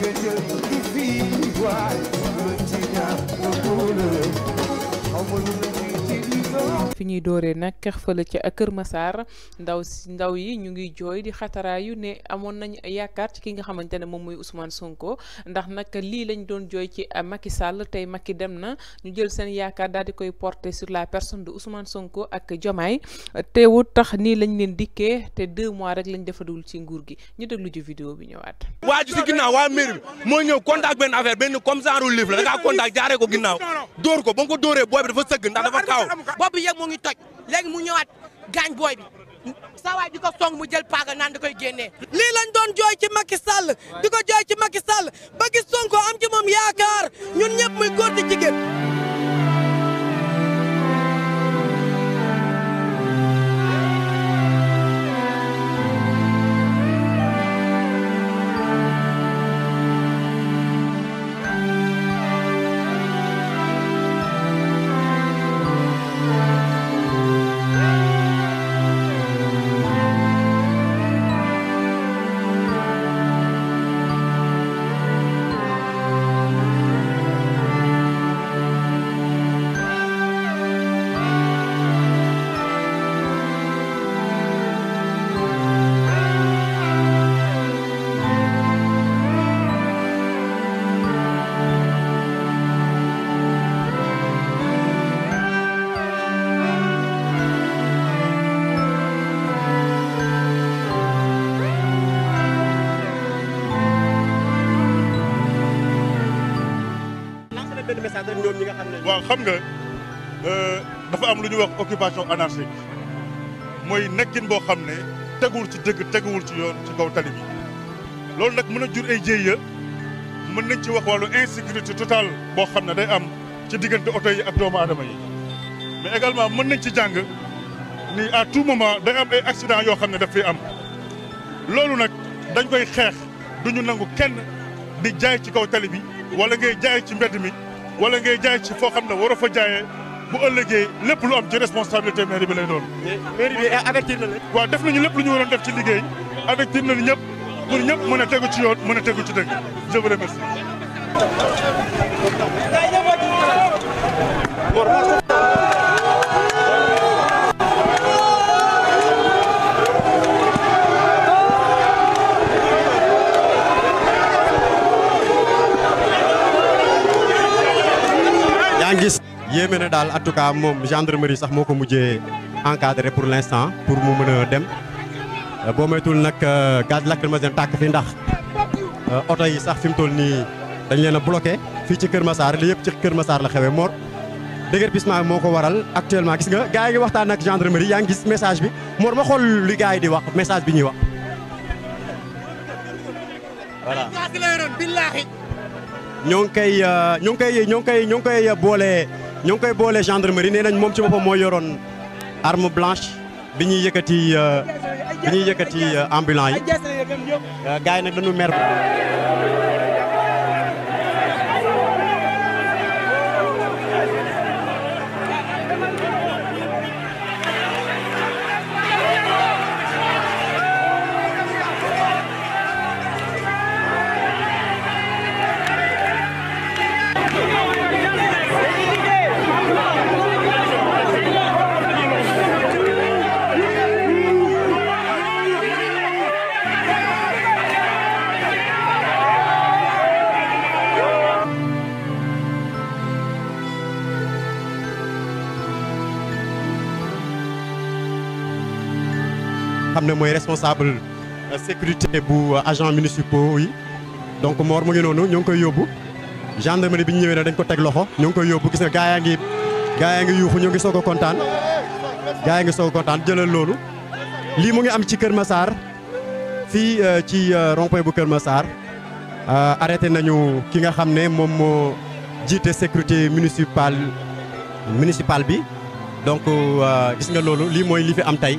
que Dieu nous vive. fi ñuy dooree nag fële ca Kër Massar ndaw si ndaw yi ñu ngi jooy di xataraayu ne amoon nañ yaakaar ci ki nga xamante ne moom mooy Ousmane Sonko ndax nag lii lañ doon jooy ci euh, Macky Sall tey Macky dem na ñu jël seen yaakaar daal di koy porte sur la personne de Ousmane Sonko ak Diomaye teewut tax nii lañ leen dikkee te deux mois rek lañ defadul ci nguur gi ñu déglu ci vidéo bi ñëwaat. waa ji si ginnaaw waa mairie bi moo ñëw contact benn affaire da ngaa contact jaaree ko ginnaaw dóor ko mu ngi toj mu ñëwaat gaañ booy bi saawaay di ko song mu jël paaga naan da koy génnee. lii lañ doon jooy ci Macky Sall di ko jooy ci Macky Sall ba gis Sonko am ci moom yaakaar ñun ñëpp muy góor di jigéen. waa xam nga euh, dafa am lu ñuy wax occupation anarchique mooy nekkin boo xam ne teguwul ci dëgg teguwul ci yoon ci kaw tali loolu nag mën a jur ay jéeya mën nañ ci wax wàllu insécurité totale boo xam ne day am ci diggante oto yi ak doomu aadama yi mais également mën nañ ci jàng ni à tout moment day am ay accident yoo xam ne daf fiy am loolu nag dañ koy xeex duñu nangu kenn di jaay ci kaw tali bi wala ngay jaay ci mbedd mi wala ngay jaay ci foo xam ne waroo fa jaayee bu ëllëgee lépp lu am ci responsabilité mairie bi lay doon. mairie def nañu lépp lu ñu waroon def ci liggéey avertir nañu ñëpp pour ñëpp mën a tegu ci yoon mën a tegu ci dëgg je vous remercie. yéeme na daal en tout cas moom gendarmerie sax moo ko mujjee encadré pour l' instant pour mu mën a dem boo moytul nag euh, gaz lacrymogène tàkk fi ndax euh, oto yi sax fi mu toll nii dañ leen a bloqué fii ci Kër Massar li yëpp ci Kër Massar la xewee Mor déguerpissement bi moo ko waral actuellement gis nga gars yi ngi waxtaan ak gendarmerie yaa ngi gis message bi Mor ma xool li gars yi di wax message bi ñuy wax voilà. Euh, ñoo ngi koy ñoo ngi koy ñoo ngi koy ñoo ngi koy boole. ñu ngi koy boole gendarmerie nee nañ moom ci boppam moo yoroon arme blanche bi ñuy yëkkati euh, bi ñuy yëkkati euh, ambulants yi euh, gars yi nag dañu mer. xamné moy responsable euh, sécurité bu euh, agent municipal oui donc Mor mo ngi noonu ñoo ngi koy yobbu gendarmerie bi ñu ñëwee na dañ ko teg loxo ñoo ngi koy yobbu gis nga gaa nga ngi nga yuxu ngi ngi soko contane kontaan nga soko contane jëlal lolu li mo ngi am ci Kër Massar fi euh, ci rond-point bu Kër Massar arrêté nañu ki nga xamné mom moom moo sécurité municipale municipale bi donc gis nga lolu li moy li fi am tay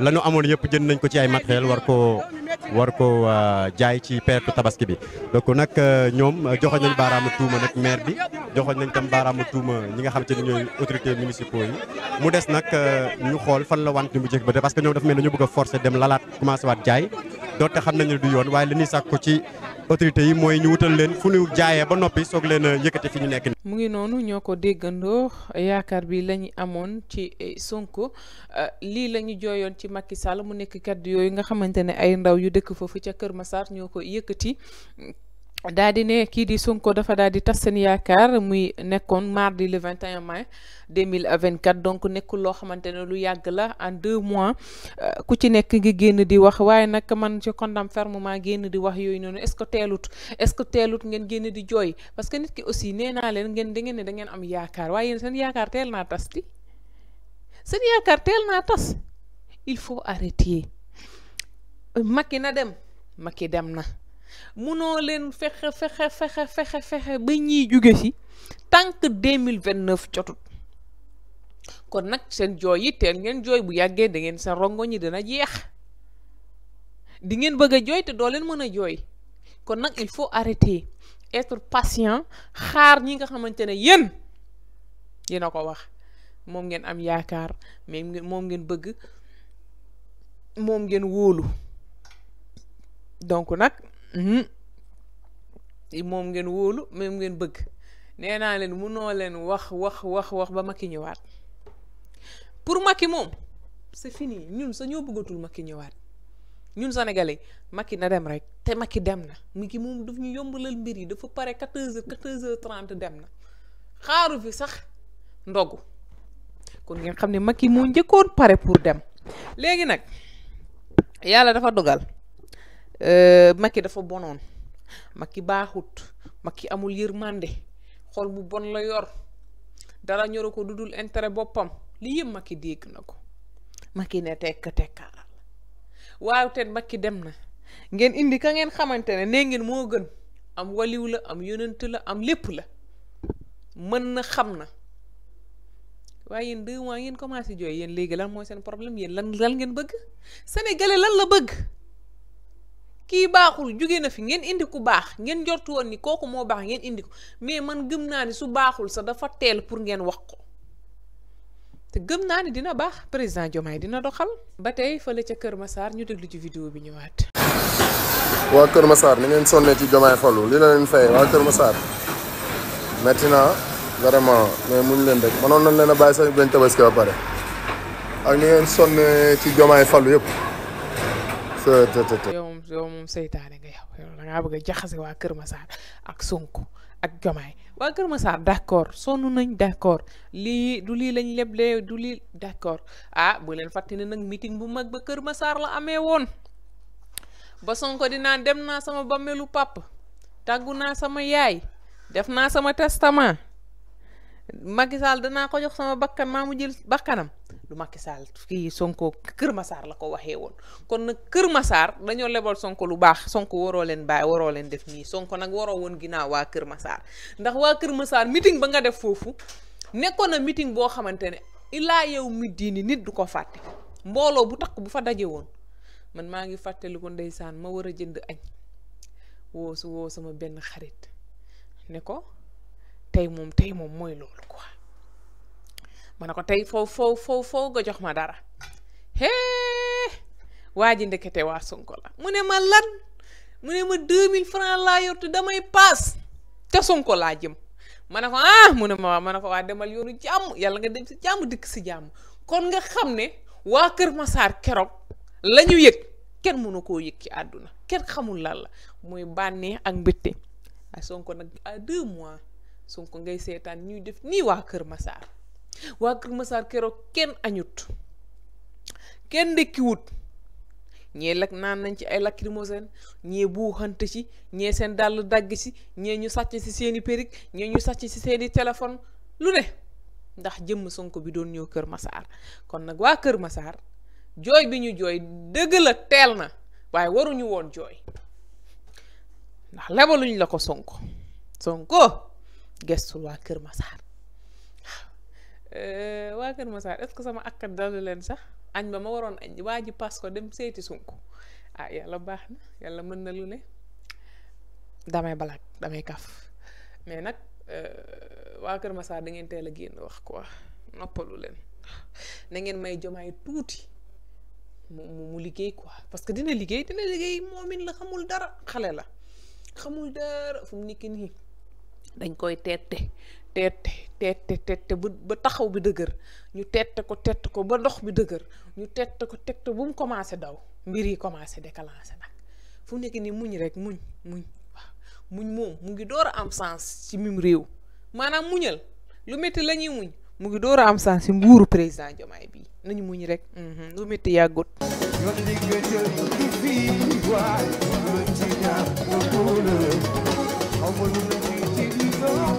la ñu amoon yëpp jënd nañ ko ci ay matériel war koo war ko euh, jaay ci perte tabaski bi donc nag euh, ñoom euh, joxoñ nañ baaraamu tuuma nag maire bi joxoñ nañ tam baaraamu tuuma ñi nga xam te ni ñooy autorités municipaux yi mu des nag ñu xool fan la want ni mu jëkk ba te parce que ñoom dafa mel dañu bëgg a forcer dem lalaat commencé waat jaay doote xam nañ ne du yoon waaye li ñuy ko ci autorités yi mooy ñu wutal leen fu ñu jaayee ba noppi soog leen a yëkkate fi ñu nekk nii. mu ngi noonu ñoo ko déggandoo yaakaar bi lañuy amoon ci eh, Sonko euh, lii lañuy jooyoon ci makki Sall mu nekk kaddu yooyu nga xamante ne ay ndaw yu dëkk foofu ca Kër Massar ñoo ko yëkkati. daa ne kii di sunko dafa daal di tas seen yaakaar muy nekkoon mardi le 21 mai 2024 donc nekkul loo xamante ne lu yàgg la en deux mois euh, ku ci nekk ngi génn di wax waaye nag man ci condam fermement génn di wax yooyu noonu est-ce que teelut est-ce que teelut ngeen génn di jooy parce que nit ki aussi nee naa leen ngeen da ngeen da ngeen am yaakaar waaye yéen seen yaakaar teel naa tas di seen yaakaar teel naa tas il faut arrêter dem makidam na munoo leen fexe fexe fexe fexe fexe ba ñiy jóge si tant que deux mille vingt neuf jotut kon nag seen jooy yi teel ngeen jooy bu yàggee da ngeen seen rongo ñi dina jeex dingeen bëgg a jooy te doo leen mën a jooy kon nag il faut arrêter etre patient xaar ñi nga xamante ne yéen yéena ko wax moom ngeen am yaakaar mais moom ngeen bëgg moom ngeen wóolu donc nag Hmm. moom ngeen wóolu même ngeen bëgg nee naa leen munoo leen wax wax wax wax ba Macky ñëwaat pour Macky moom c'est fini ñun sa ñoo bëggatul ñëwaat ñun sénégalais Macky na dem rek te Macky dem na mu ngi moom daf ñu yombalal mbir yi dafa pare 14 heures 14 heures dem na xaaru fi sax ndogu kon ngeen xam ne Macky moo njëkkoon pare pour dem léegi nag yàlla dafa dogal. Euh, Macky dafa bonoon Macky baaxut Macky amul mànde xol bu bon la yor dara ñoro ko dul intérêt boppam li yëpp Macky dégg na ko Macky ne tekk tekkaaral waaw te Macky dem na ngeen indi ka ngeen xamante ne nee ngeen moo gën am waliw la am yonent la am lépp la mën na xam na waaye yéen deux mois ngeen commencé jooy yéen léegi lan mooy seen problème yéen lan lan ngeen bëgg sénégalais lan la bëgg kii baaxul jóge na fi ngeen indi ku baax ngeen jortu woon ni kooku moo baax ngeen indi ko mais man gëm naa ni su baaxul sa dafa teel pour ngeen wax ko te gëm naa ni dina baax président Diomaye dina doxal. ba tey fële ca Kër Massar ñu déglu ci vidéo bi ñëwaat. waa Kër Massar ni ngeen sonnee ci Diomaye Fallou li la leen fay waa Kër Massar metti na vraiment mais muñ leen rek mënoon nañ leen a bàyyi sax bañ tabaski ba pare ak ngeen sonnee ci Diomaye Fallou yëpp. yow moom yow moom seytaane nga yow yow da bëgg a jaxase waa Kër Massar ak Sonko ak Jomaay waa Kër Massar d' accord sonn nañ d' lii du lii lañ leblee du lii d' accord ah bu leen fàtte nag meeting bu mag ba Kër Massar la amee woon ba Sonko dinaa dem naa sama bàmmeelu pàpp tàggu naa sama yaay def naa sama testament Macky Sall danaa ko jox sama bakkan maa mu jël bakkanam du Macky Sall fii Sonko Kër Massar la ko waxee woon kon nag Kër Massar dañoo lebal Sonko lu baax Sonko waroo leen bàyyi waroo leen def nii Sonko nag waroo woon ginnaaw waa Kër Massar ndax waa Kër Massar meeting ba nga def foofu nekkoon na meeting boo xamante ne ilaa yow mi nit du ko fàtte mbooloo bu takk bu fa daje woon man maa ngi fàttaliku ndeysaan ma war a jënd añ woo su woo sama benn xarit ne tey moom tey moom mooy lol quoi ma ne ko tey fo fo fo fo go jox ma dara hee waa ji ndekete waa Sonko la mune ma lan mune ma 2000 francs la yor te damay pass te Sonko la jëm ma ko ah mune ma waa ma ko waa demal yoru jamm yalla nga dem ci jamm dik ci jamm kon nga xam wa waa Kër Massar keroog la ñu yëg kenn mënu koo yëg ci àdduna kenn xamul lan la mooy bànnee ak mbëtte ay Sonko nak à 2 mois Sonko ngay seetaan ñuy def nii waa Kër Massar waa Kër Massar keroog kenn añut kenn ndekkiwut ñee lak naan nañ ci ay lacrymogène ñee buuxante ci ñee seen dàll dagg ci ñee ñu sàcc ci seeni périg ñee ñu sàcc ci seeni telefon lu ne ndax jëmm Sonko bi doon ñëw Kër Massar kon nag waa Kër Massar jooy bi ñu jooy dëgg teel na waaye waruñu woon jooy ndax lebaluñ la ko Sonko Sonko wa keur masar euh wa keur masar est-ce sama akkat dalu len sax agn ba ma waron agn waji pass ko dem seyti sunku ah yalla baax na yàlla na lu ne damay balak damay kaf mais euh wa keur masar da ngeen teela a wax quoi noppalu len na ngeen may jomay touti mu mu liggey quoi parce que dina liggey dina liggey momine la xamul dara xale la xamul dara fum mu dañ koy teete teete teete teete ba taxaw bi dëgër ñu teete ko teete ko ba ndox bi dëgër ñu teete ko teete bu mu commencé daw mbir yi commencé déclenché nag fu nekk nii muñ rek muñ muñ waaw moom mu ngi door a am sens ci mim réew maanaam muñal lu métti lañuy ñuy muñ mu ngi door am sens ci mbuuru président Diomaye bii nañu muñ rek mhm, lu métti yàggut